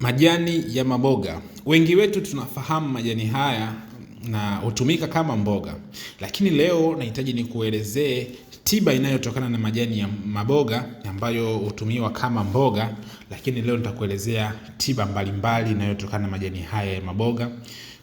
Majani ya maboga. Wengi wetu tunafahamu majani haya na hutumika kama mboga, lakini leo nahitaji nikuelezee tiba inayotokana na majani ya maboga ambayo hutumiwa kama mboga, lakini leo nitakuelezea tiba mbalimbali inayotokana na majani haya ya maboga.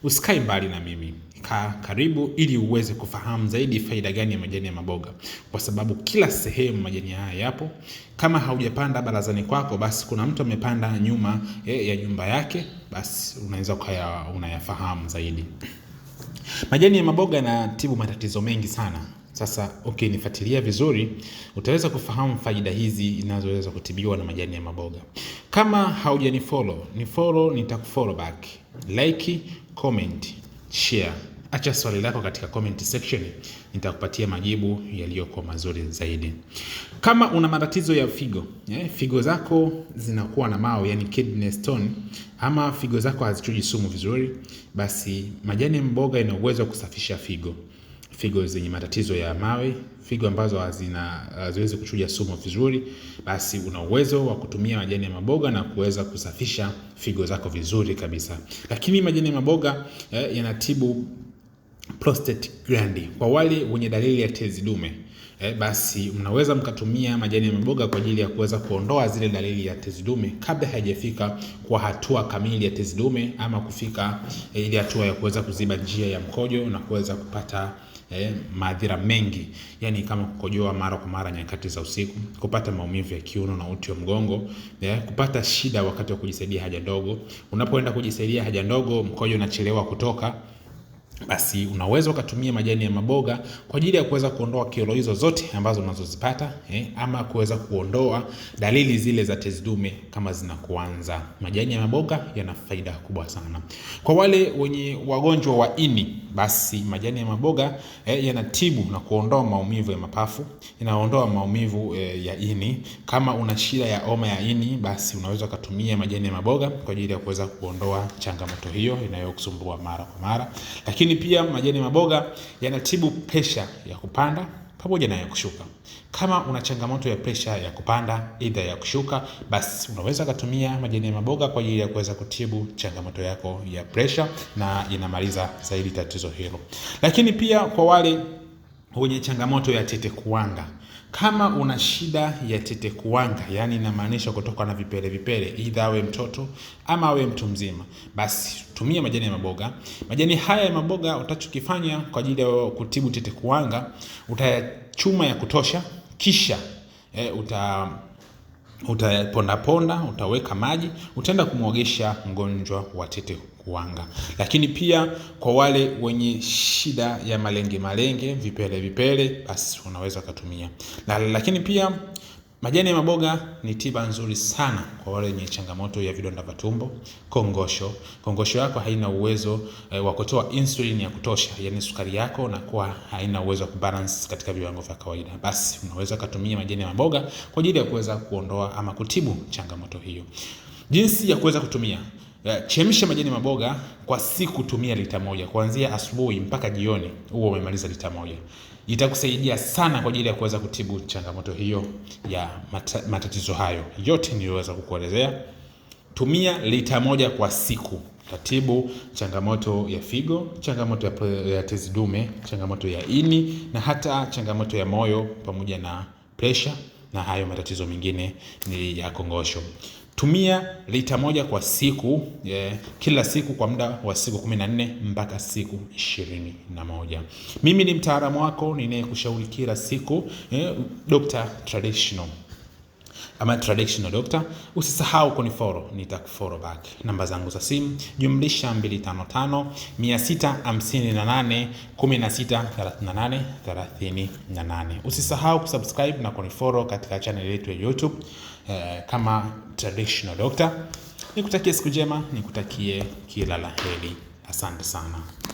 Usikae mbali na mimi. Ka karibu ili uweze kufahamu zaidi faida gani ya majani ya maboga, kwa sababu kila sehemu majani haya yapo. Kama haujapanda barazani kwako, basi kuna mtu amepanda nyuma eh, ya nyumba yake, basi unaweza unayafahamu zaidi. Majani ya maboga yanatibu matatizo mengi sana. Sasa ukinifuatilia okay, vizuri utaweza kufahamu faida hizi zinazoweza kutibiwa na majani ya maboga. Kama haujanifollow, ni follow, nitakufollow back. Like, comment, share. Acha swali lako katika comment section, nitakupatia majibu yaliyoko mazuri zaidi. Kama una matatizo ya figo eh, figo zako zinakuwa na mawe, yani kidney stone, ama figo zako hazichuji sumu vizuri, basi majani mboga ina uwezo wa kusafisha figo. Figo zenye matatizo ya mawe, figo ambazo haziwezi kuchuja sumu vizuri, basi una uwezo wa kutumia majani ya maboga na kuweza kusafisha figo zako vizuri kabisa. Lakini majani ya maboga eh, yanatibu prostate gland. Kwa wale wenye dalili ya tezi dume e, basi mnaweza mkatumia majani ya maboga kwa ajili ya kuweza kuondoa zile dalili ya tezi dume kabla haijafika kwa hatua kamili ya tezi dume ama kufika e, ile hatua ya kuweza kuziba njia ya mkojo na kuweza kupata e, madhira mengi, yani kama kukojoa mara kwa mara nyakati za usiku, kupata maumivu ya kiuno na uti wa mgongo e, kupata shida wakati wa kujisaidia haja ndogo. Unapoenda kujisaidia haja ndogo, mkojo unachelewa kutoka basi unaweza ukatumia majani ya maboga kwa ajili ya kuweza kuondoa kero hizo zote ambazo unazozipata eh, ama kuweza kuondoa dalili zile za tezi dume kama zinakuanza. Majani ya maboga yana faida kubwa sana kwa wale wenye wagonjwa wa ini. Basi majani ya maboga eh, yanatibu na kuondoa maumivu ya mapafu, inaondoa maumivu eh, ya ini. Kama una shida ya homa ya ini, basi unaweza ukatumia majani ya maboga kwa ajili ya kuweza kuondoa changamoto hiyo inayokusumbua mara kwa mara, lakini lakini pia majani maboga yanatibu presha ya kupanda pamoja na ya kushuka. Kama una changamoto ya presha ya kupanda aidha ya kushuka, basi unaweza kutumia majani ya maboga kwa ajili ya kuweza kutibu changamoto yako ya presha, na inamaliza zaidi tatizo hilo. Lakini pia kwa wale wenye changamoto ya tete kuwanga. Kama una shida ya tete kuwanga, yani inamaanisha kutoka na vipele vipele, idha awe mtoto ama awe mtu mzima, basi tumia majani ya maboga. Majani haya ya maboga, utachokifanya kwa ajili ya kutibu tete kuwanga, utayachuma ya kutosha, kisha eh, uta utapondaponda, utaweka maji, utaenda kumwogesha mgonjwa wa tete kuanga. Lakini pia kwa wale wenye shida ya malenge malenge, vipele vipele, basi unaweza ukatumia na, lakini pia Majani ya maboga ni tiba nzuri sana kwa wale wenye changamoto ya vidonda vya tumbo, kongosho. Kongosho yako haina uwezo e, wa kutoa insulin ya kutosha, yani sukari yako na kuwa haina uwezo wa kubalance katika viwango vya kawaida. Basi unaweza kutumia majani ya maboga kwa ajili ya kuweza kuondoa ama kutibu changamoto hiyo. Jinsi ya kuweza kutumia Eh, chemsha majani maboga kwa siku, tumia lita moja kuanzia asubuhi mpaka jioni, huo umemaliza lita moja. Itakusaidia sana kwa ajili ya kuweza kutibu changamoto hiyo ya mata, matatizo hayo yote niliyoweza kukuelezea. Tumia lita moja kwa siku, tatibu changamoto ya figo, changamoto ya tezi dume, changamoto ya ini na hata changamoto ya moyo pamoja na presha na hayo matatizo mengine ni ya kongosho. Tumia lita moja kwa siku eh, kila siku kwa muda wa siku 14 mpaka siku ishirini na moja. Mimi ni mtaalamu wako ninayekushauri kila siku eh, Dr. Traditional ama traditional doctor. Usisahau kunifollow, nitakufollow back. Namba zangu za simu jumlisha 255 658 Usisahau kusubscribe na kunifollow katika channel yetu ya YouTube eh, kama traditional doctor. Nikutakie siku njema, nikutakie kila la heri. Asante sana.